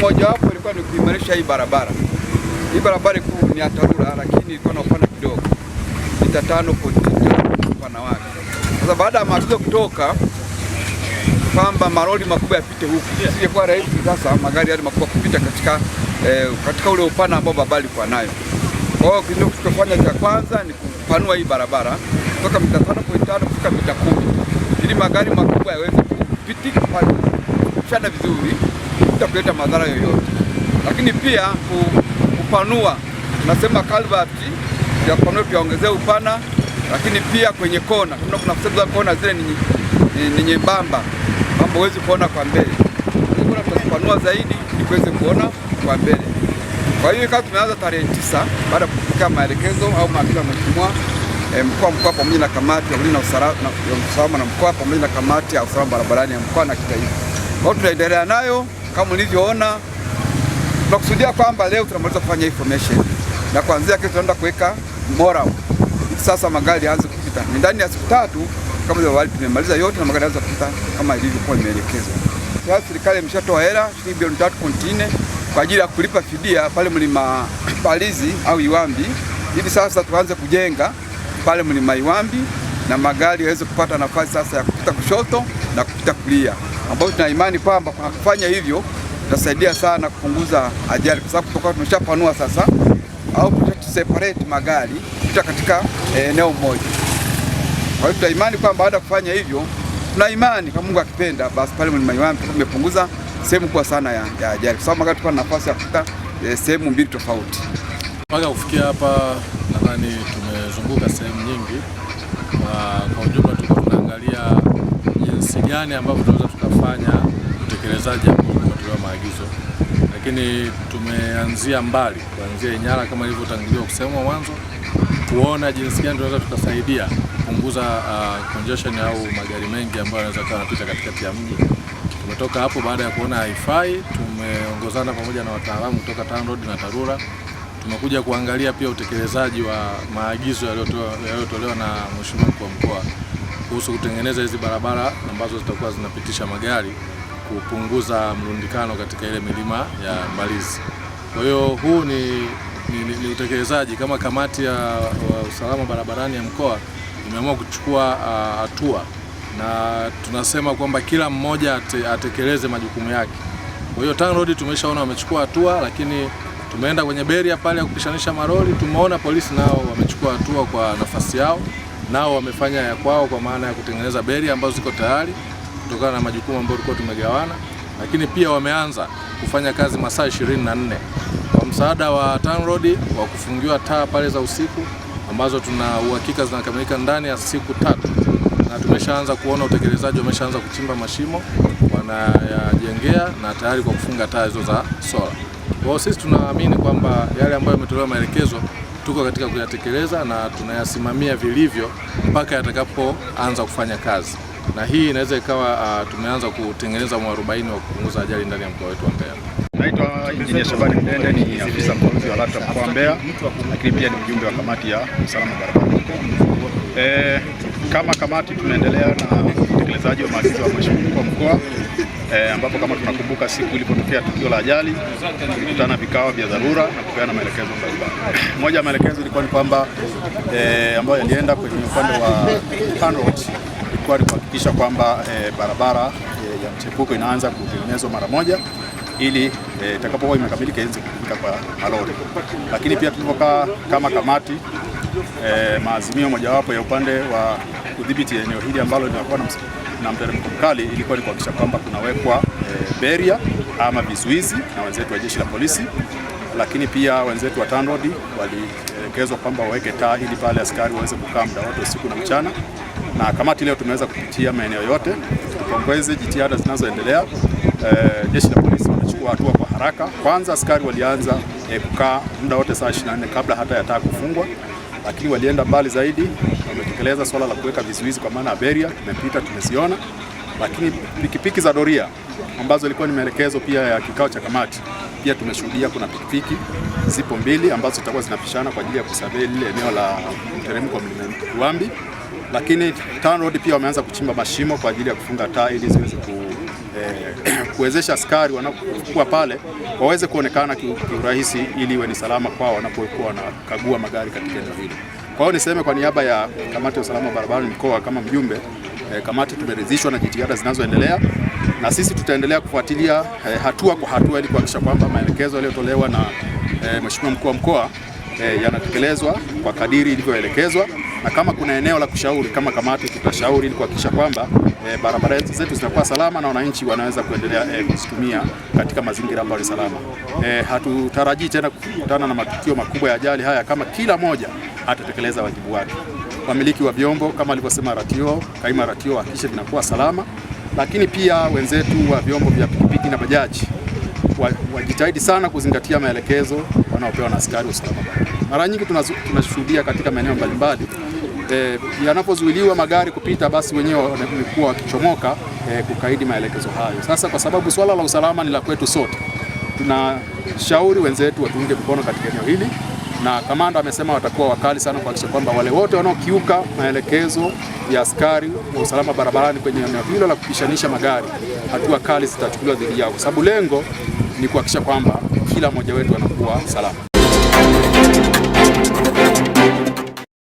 moja wapo ilikuwa ni kuimarisha hii barabara. Hii barabara kuu ni ya TARURA, lakini ilikuwa na upana kidogo mita tano pointi upana wake. Sasa baada ya maagizo kutoka kwamba maroli makubwa yapite huku, isingekuwa rahisi sasa magari yale makubwa kupita katika, eh, katika ule upana ambao barabara ilikuwa nayo. Kwa hiyo kitu kilichofanya cha kwanza ni kupanua hii barabara kutoka mita 5.5 kufika mita 10 ili magari makubwa yaweze kupitika pale shana vizuri bila kuleta madhara yoyote, lakini pia kupanua, tunasema kalvati ya kupanua tuyaongezea upana, lakini pia kwenye kona, kuna kusema kona zile ni nyembamba ambapo huwezi kuona kwa mbele, tutapanua zaidi ili kuweze kuona kwa mbele. Kwa hiyo kama tumeanza tarehe tisa baada ya kupokea maelekezo au maagizo ya mheshimiwa e, mkuu wa mkoa pamoja na kamati ya ulinzi na usalama na mkoa pamoja na kamati ya usalama barabarani ya mkoa na kitaifa. Kwa hiyo tunaendelea nayo kama mlivyoona, tunakusudia kwamba leo tunamaliza kufanya information na kuanzia kesho tunaenda kuweka moral, sasa magari yaanze kupita ni ndani ya siku tatu kama hivyo wali tumemaliza yote na magari yaanze kupita kama ilivyokuwa imeelekezwa. Sasa serikali imeshatoa hela shilingi bilioni tatu kontine kwa ajili ya kulipa fidia pale mlima Palizi au Iwambi. Hivi sasa tuanze kujenga pale mlima Iwambi na magari yaweze kupata nafasi sasa ya kupita kushoto na kupita kulia ambayo tuna imani kwamba kwa kufanya hivyo tutasaidia sana kupunguza ajali, kwa sababu tutakuwa tumeshapanua sasa au separate magari kuta katika eh, eneo moja. Kwa hiyo tuna imani kwamba baada ya kufanya hivyo, tuna imani kama Mungu akipenda, basi pale Mlima tumepunguza sehemu kubwa sana ya, ya ajali, kwa sababu magari tukuwa na nafasi ya kufika e, sehemu mbili tofauti. Mpaka kufikia hapa, nadhani tumezunguka sehemu nyingi, na ah, kwa ujumla tuko tunaangalia jinsi gani ambavyo tunaweza tunafanya utekelezaji wa maagizo, lakini tumeanzia mbali, kuanzia inyara kama ilivyotanguliwa kusema mwanzo, kuona jinsi gani tunaweza tukasaidia kupunguza uh, congestion au magari mengi ambayo yanaweza kuwa yanapita katikati ya mji. Tumetoka hapo baada ya kuona haifai, tumeongozana pamoja na wataalamu kutoka TANROADS na TARURA tumekuja kuangalia pia utekelezaji wa maagizo yaliyotolewa na Mheshimiwa Mkuu wa Mkoa kuhusu kutengeneza hizi barabara ambazo zitakuwa zinapitisha magari kupunguza mlundikano katika ile milima ya Mbalizi. Kwa hiyo huu ni, ni, ni, ni utekelezaji kama kamati ya wa usalama barabarani ya mkoa imeamua kuchukua hatua uh, na tunasema kwamba kila mmoja ate, atekeleze majukumu yake. Kwa hiyo TANROADS tumeshaona wamechukua hatua, lakini tumeenda kwenye beria pale ya kupishanisha maroli, tumeona polisi nao wamechukua hatua kwa nafasi yao nao wamefanya ya kwao kwa maana ya kutengeneza beri ambazo ziko tayari kutokana na majukumu ambayo tulikuwa tumegawana, lakini pia wameanza kufanya kazi masaa 24 kwa msaada wa TANROADS wa kufungiwa taa pale za usiku ambazo tuna uhakika zinakamilika ndani ya siku tatu, na tumeshaanza kuona utekelezaji, wameshaanza kuchimba mashimo wanayajengea na tayari kwa kufunga taa hizo za sola. Kwa hiyo sisi tunaamini kwamba yale ambayo yametolewa maelekezo tuko katika kuyatekeleza na tunayasimamia vilivyo mpaka yatakapoanza kufanya kazi, na hii inaweza ikawa uh, tumeanza kutengeneza mwarobaini wa kupunguza ajali ndani ya mkoa wetu wa Mbeya. Naitwa Injinia Shabani Mdende, ni afisa mkuu wa LATRA mkoa wa Mbeya, lakini pia ni mjumbe wa kamati ya usalama barabarani. Eh, kama kamati tunaendelea na utekelezaji wa maagizo ya mheshimiwa mkuu wa mkoa e, ambapo kama tunakumbuka siku ilipotokea tukio la ajali tulikutana vikao vya dharura na kupeana maelekezo mbalimbali. Moja ya maelekezo ilikuwa ni kwamba e, ambayo yalienda kwenye upande wa TANROADS ilikuwa ni kuhakikisha kwamba e, barabara e, ya mchepuko inaanza kutengenezwa mara moja ili itakapokuwa e, imekamilika ianze kufika kwa malori. Lakini pia tulipokaa kama kamati e, maazimio mojawapo ya upande wa kudhibiti eneo hili ambalo linakuwa na mteremko mkali, ilikuwa ni kuhakikisha kwamba kunawekwa e, beria ama vizuizi na wenzetu wa jeshi la polisi, lakini pia wenzetu wa TANROADS walielekezwa kwamba waweke taa ili pale askari waweze kukaa muda wote usiku na mchana, na kamati leo tumeweza kupitia maeneo yote. Tupongeze jitihada zinazoendelea. E, jeshi la polisi wanachukua hatua kwa haraka. Kwanza askari walianza e, kukaa muda wote saa 24 kabla hata ya taa kufungwa lakini walienda mbali zaidi, wametekeleza swala la kuweka vizuizi kwa maana ya beria, tumepita tumeziona, lakini pikipiki za doria ambazo ilikuwa ni maelekezo pia ya kikao cha kamati, pia tumeshuhudia kuna pikipiki zipo mbili ambazo zitakuwa zinapishana kwa ajili ya kusurvey lile eneo la mteremko wa mlima Uambi. Lakini TANROADS pia wameanza kuchimba mashimo kwa ajili ya kufunga taa ili ziweze ku eh, kuwezesha askari wanapokuwa pale waweze kuonekana kiurahisi ili iwe ni salama kwao wanapokuwa wanakagua magari katika eneo hilo. Kwa hiyo niseme kwa niaba ya kamati ya usalama wa barabarani mkoa, kama mjumbe eh, kamati, tumeridhishwa na jitihada zinazoendelea na sisi tutaendelea kufuatilia eh, hatua kwa hatua ili kuhakikisha kwamba maelekezo yaliyotolewa na eh, Mheshimiwa mkuu wa mkoa eh, yanatekelezwa kwa kadiri ilivyoelekezwa na kama kuna eneo la kushauri kama kamati, tutashauri ili kuhakikisha kwamba e, barabara zetu zinakuwa salama na wananchi wanaweza kuendelea e, kuzitumia katika mazingira ambayo ni salama. E, hatutarajii tena kukutana na matukio makubwa ya ajali haya kama kila moja atatekeleza wajibu wake. Wamiliki wa vyombo kama alivyosema ratio, kaima ratio hakikisha vinakuwa salama, lakini pia wenzetu wa vyombo vya pikipiki na bajaji wajitahidi sana kuzingatia maelekezo wanaopewa na askari wa usalama barabarani. Mara nyingi tunashuhudia katika maeneo mbalimbali e, yanapozuiliwa magari kupita, basi wenyewe wamekuwa wakichomoka e, kukaidi maelekezo hayo. Sasa kwa sababu swala la usalama ni la kwetu sote, tunashauri wenzetu watuunge mkono katika eneo hili, na kamanda amesema watakuwa wakali sana kuhakikisha kwamba wale wote wanaokiuka maelekezo ya askari wa usalama barabarani kwenye eneo hilo la kupishanisha magari, hatua kali zitachukuliwa dhidi yao, kwa sababu lengo ni kuhakikisha kwamba kila mmoja wetu anakuwa salama.